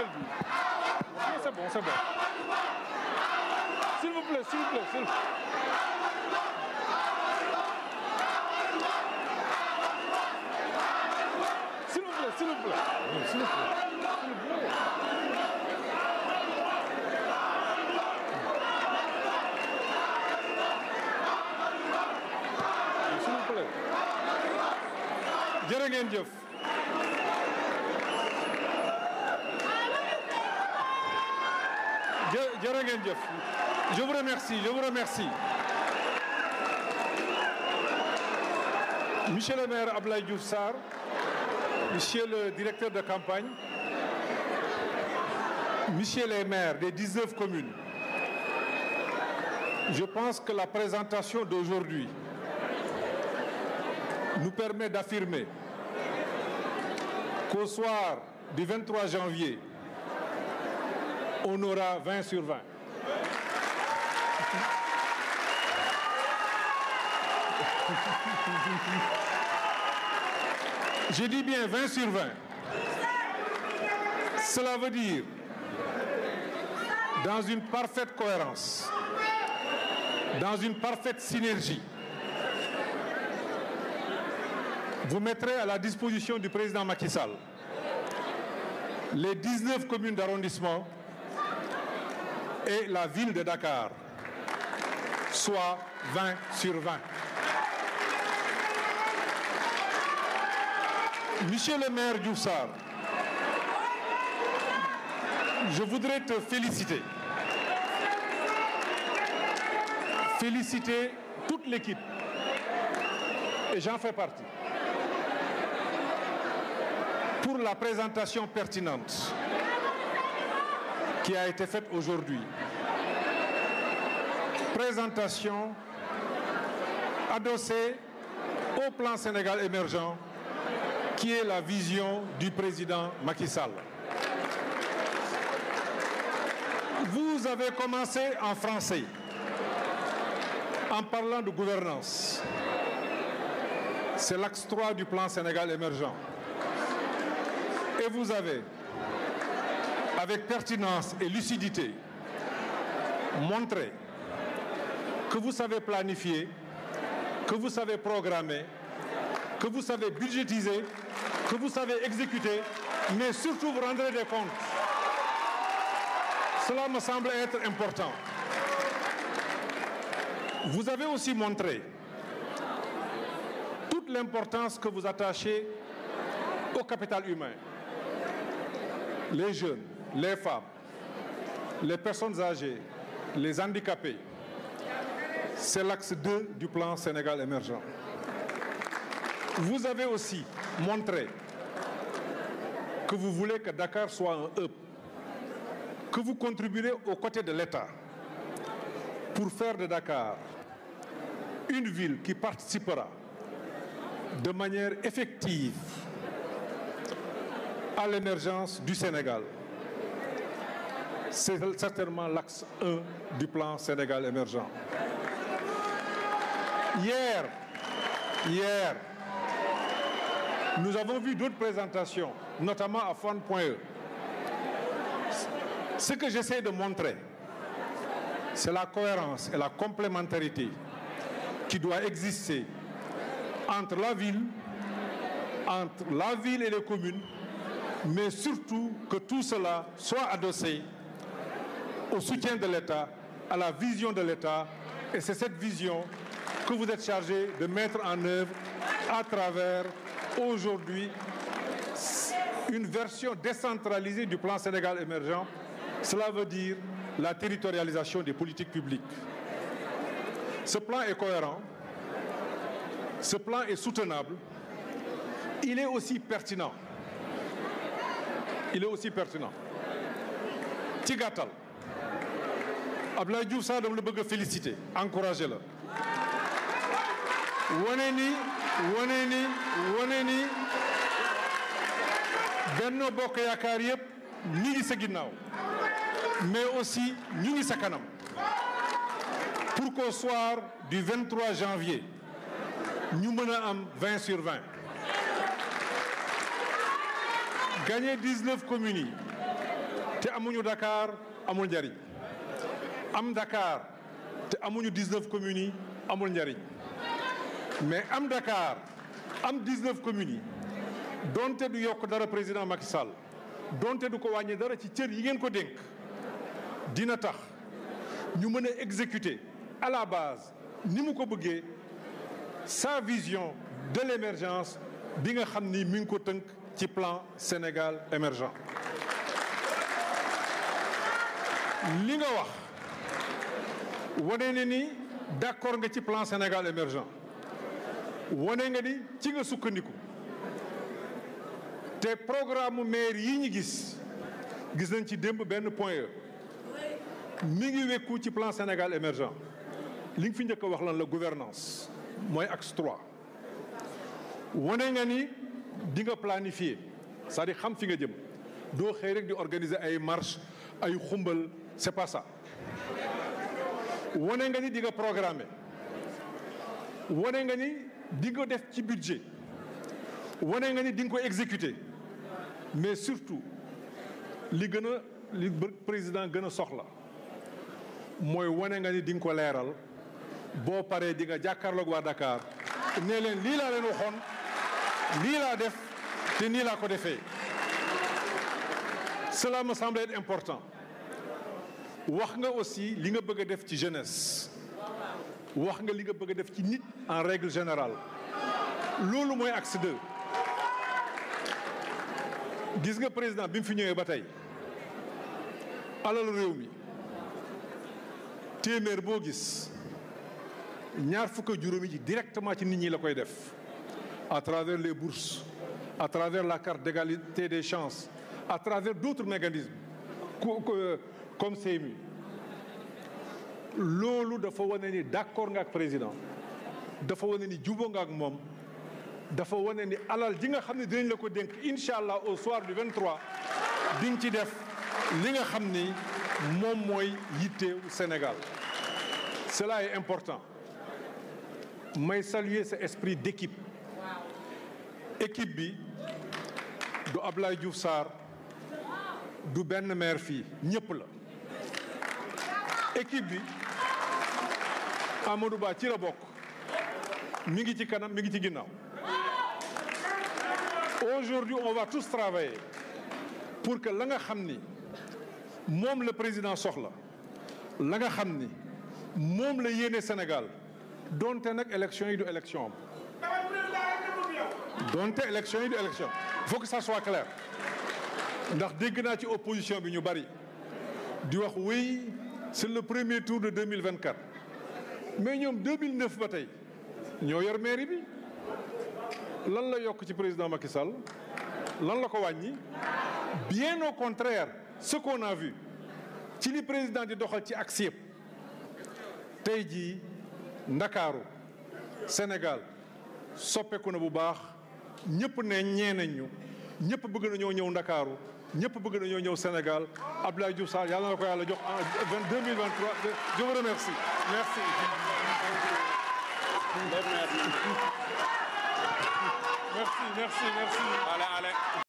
jël bi c'est bon c'est bon s'il vous plaît s'il vous plaît s'il vous plaît s'il vous plaît. S'il vous plaît. S'il vous plaît. S'il vous plaît. jërë ngeen jëf. jërë ngeen jëf je vous remercie je le maire Abdoulaye Diouf Sarr monsieur le directeur de campagne monsieur les maires des 19 communes je pense que la présentation d'aujourd'hui nous permet d'affirmer qu'au soir du 23 janvier on aura 20 sur 20. Je dis bien 20 sur 20. Cela veut dire, dans une parfaite cohérence, dans une parfaite synergie, vous mettrez à la disposition du président Macky Sall les 19 communes d'arrondissement et la ville de Dakar, soit 20 sur 20. Monsieur le maire Diouf Sarr, je voudrais te féliciter. Féliciter toute l'équipe. Et j'en fais partie. Pour la présentation pertinente qui a été faite aujourd'hui. Présentation adossée au plan Sénégal émergent, qui est la vision du président Macky Sall. Vous avez commencé en français, en parlant de gouvernance. C'est l'axe 3 du plan Sénégal émergent. Et vous avez avec pertinence et lucidité, montrer que vous savez planifier, que vous savez programmer, que vous savez budgétiser, que vous savez exécuter, mais surtout vous rendrez des comptes. Cela me semble être important. Vous avez aussi montré toute l'importance que vous attachez au capital humain. Les jeunes, les femmes, les personnes âgées, les handicapés. C'est l'axe 2 du plan Sénégal émergent. Vous avez aussi montré que vous voulez que Dakar soit un hub, que vous contribuerez aux côtés de l'État pour faire de Dakar une ville qui participera de manière effective à l'émergence du Sénégal. C'est certainement l'axe 1 du plan Sénégal émergent. Hier, hier, nous avons vu d'autres présentations, notamment à Fond.e. E. Ce que j'essaie de montrer, c'est la cohérence et la complémentarité qui doit exister entre la ville, entre la ville et les communes, mais surtout que tout cela soit adossé au soutien de l'État, à la vision de l'État. Et c'est cette vision que vous êtes chargé de mettre en œuvre à travers aujourd'hui une version décentralisée du plan Sénégal émergent. Cela veut dire la territorialisation des politiques publiques. Ce plan est cohérent, ce plan est soutenable, il est aussi pertinent. Il est aussi pertinent. Tigatal. Abdoulaye Diouf Sarr dama la bëgg a féliciter la wane ni wane ni wane ni Benno Bokk Yaakaar yëpp ñu ngi sa ginnaaw mais aussi ñu ngi sa kanam pour qu'au soir du 23 janvier ñu mën a am 20 sur 20 gagner 19 yi te amuñu Dakar amul jariñ am Dakar te amuñu 19 communes yi amul njariñ mais am Dakar am 19 communes yi donte du yokk dara président Macky Sall donte du ko wàññi dara ci cër yi ngeen ko dénk dina tax ñu mën a à la base ni mu ko bëggee sa vision de l'émergence bi nga xam ni mi ngi ko tënk ci plan Sénégal émergent li nga wax wane na ni d'accord nga ci plan Sénégal émergent wane nga ni ci nga sukkandiku te programme maire yi ñu gis gis nañ ci démb benn point e mi ngi wekku ci plan Sénégal émergent li nga fi njëkk wax lan la gouvernance mooy axe 3 wane nga ni di nga planifier cest di xam fi nga jëm doo xëy rek di organiser ay marche ay xumbal c'est pas ça wane nga ni di nga programmer wane nga ni di nga def ci budget wane nga ni di nga ko exécuter mais surtout li gën a li président gën a soxla mooy wane nga ni di ko leeral boo paree di nga jàkkaarloog waa Dakar ne leen lii laa leen waxoon lii laa def te nii laa ko defee cela me semble important wax nga aussi li nga bëgg def ci jeunesse wax nga li nga bëgg def ci nit en règle générale loolu mooy axe 2 gis nga président bi mu fi ñëwee ba tey alalu réew mi téeméer boo gis ñaar fukk ak juróomi ji directement ci nit ñi la koy def à travers les bourses à travers la carte d'égalité des chances à travers d'autres mécanismes comme CMU loolu dafa wane ni d'accord nga ak président dafa wane ni jubo nga ak moom dafa wane ni alal ji nga xam ne dinañ la ko dénk incha allah au soir du 23 di nga ci def li nga xam ni moom mooy yitteewu Sénégal cela est important may saluer sa esprit d'équipe équipe bi du Ablaye Diouf saar du benn maire fii ñëpp la équipe bi Amadou Ba ci la bokk mi ngi ci kanam mi ngi ci ginnaaw aujourd'hui on va tous travailler pour que la nga xam ni moom la président soxla la nga xam ni moom la yéene Sénégal donte nag élection yi du élection am donte élection yi du élection il faut que ça soit clair ndax dégg naa ci opposition bi ñu bari di wax oui c'est le premier tour de 2024 mais ñoom 2009 ba tey ñoo yor mairie bi lan la yokk ci président Macky Sall lan la ko wàññi bien au contraire ce qu'on a vu ci li président di doxal ci axe yëpp tey jii ndakaaru Sénégal soppeeku na bu baax ñëpp ne ñee nañ ñu ñëpp bëgg nañoo ñëw ndakaaru ñépp bëgg nañoo ñëw Sénégal Abdoulaye Diouf Sarr yàlla na ko yàlla jox en deux merci. merci